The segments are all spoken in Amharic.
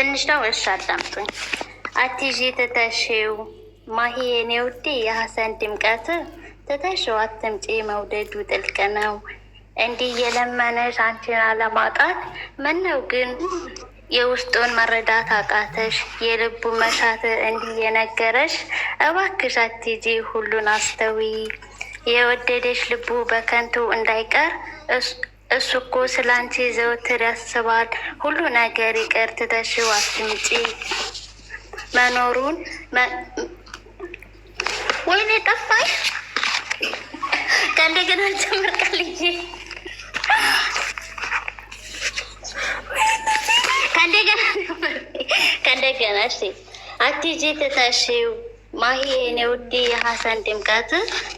ትንሽ ነው። እሺ አዳምጡኝ። አትይዤ ትተሽው ማሂ የኔ ውዴ የሀሰን ድምቀት ትተሽው አትምጪ መውደዱ ጥልቅ ነው። እንዲህ የለመነሽ አንቺን አለማጣት ምነው ግን የውስጡን መረዳት አቃተሽ የልቡ መሻት እንዲህ የነገረሽ እባክሽ አትይዤ ሁሉን አስተዊ የወደደሽ ልቡ በከንቱ እንዳይቀር እሱ እኮ ስለ አንቺ ዘወትር ያስባል። ሁሉ ነገር ይቅር ትተሽው አትምጪ መኖሩን ወይኔ ጠፋኝ። ከእንደገና ጀምር ቃልዬ፣ ከእንደገና ከእንደገና አትሂጂ ትተሽው ማሂ እኔ ውዴ የሀሰን ድምቀት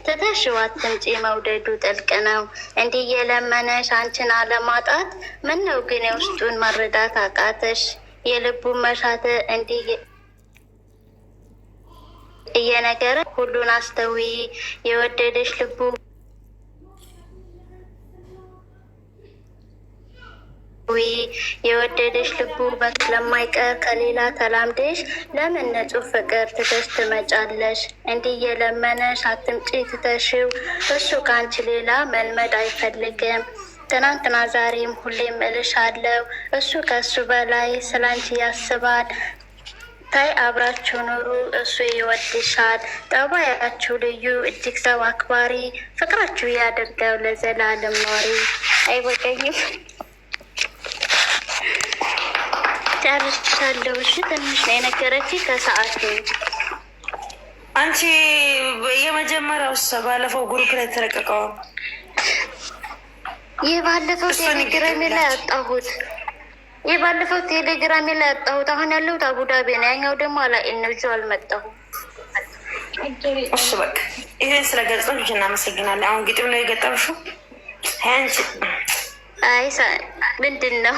ትተሽዋት ትምጪ መውደዱ ጥልቅ ነው እንዲህ የለመነሽ አንቺን አለማጣት ምን ነው ግን የውስጡን መረዳት አቃተሽ የልቡን መሻት እንዲህ እየነገረ ሁሉን አስተዊ የወደደሽ ልቡ ሆይ የወደደሽ ልቡ ስለማይቀር ከሌላ ተላምደሽ ለምን ንጹሕ ፍቅር ትተሽ ትመጫለሽ? እንዲህ የለመነሽ አትምጪ ትተሽው፣ እሱ ከአንቺ ሌላ መልመድ አይፈልግም። ትናንትና ዛሬም ሁሌም እልሽ አለው። እሱ ከሱ በላይ ስላንቺ ያስባል። ታይ አብራችሁ ኑሩ፣ እሱ ይወድሻል። ጠባያችሁ ልዩ፣ እጅግ ሰው አክባሪ፣ ፍቅራችሁ ያደርገው ለዘላለም ኖሪ። አይወቀኝም ጨርሻለሁ። እሺ ትንሽ ነው የነገረች ከሰዓት አንቺ የመጀመሪያው ባለፈው ጉሩፕ ላይ ተለቀቀው የባለፈው ባለፈው ቴሌግራሜ ላይ አጣሁት። የባለፈው ቴሌግራሜ ላይ ያጣሁት አሁን ያለሁት አቡዳቤ ነው። ያኛው ደግሞ አላይን ነው። እጁ አልመጣሁም። በቃ ይህን ስለ ገጸልሽ እናመሰግናለን። አሁን ግጥም ነው የገጠምሽው? አይ ምንድን ነው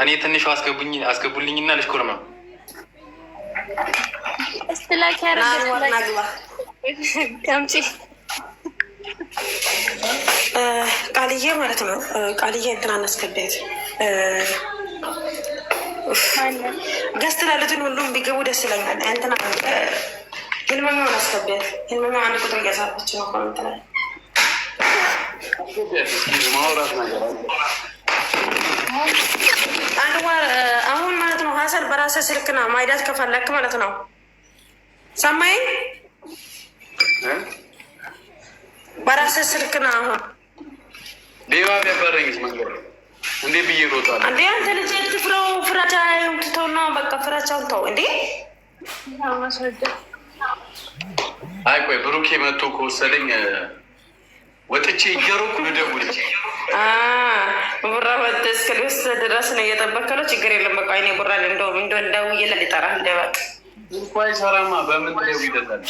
እኔ ትንሹ አስገቡኝ አስገቡልኝና ልሽኮር ነው ቃልዬ ማለት ነው። ቃልዬ እንትን አናስገቢያት ገስት ላሉትን ሁሉም ቢገቡ ደስ ይለኛል። እንትና ህልመኛውን አስገቢያት። ህልመኛው አንድ ቁጥር እያሳበች ነው። አንዋር አሁን ማለት ነው ሀሰን በራሰ ስልክ ስልክና ማይዳት ከፈለክ ማለት ነው ሰማይ በራሰ ስልክ ስልክና አሁን ሌባ ቢያባረኝ እንዴ ብዬ ሮጣል እንዴ አንተ ልጅ ትፍረው ፍራቻ ትተው ነው በቃ ፍራቻውን ተው እንዴ አይ ቆይ ብሩኬ መቶ ከወሰደኝ ወጥቼ እየሮኩ ልደውልልሽ። ቡራ ወጥ እስከሊወስ ድረስ ነው እየጠበከለው። ችግር የለም በቃ እኔ ቡራ እንደው እንደው እንዳውዬ ልጠራህ ደበቅ እንኳ ሰራማ በምን ላይ ይደላል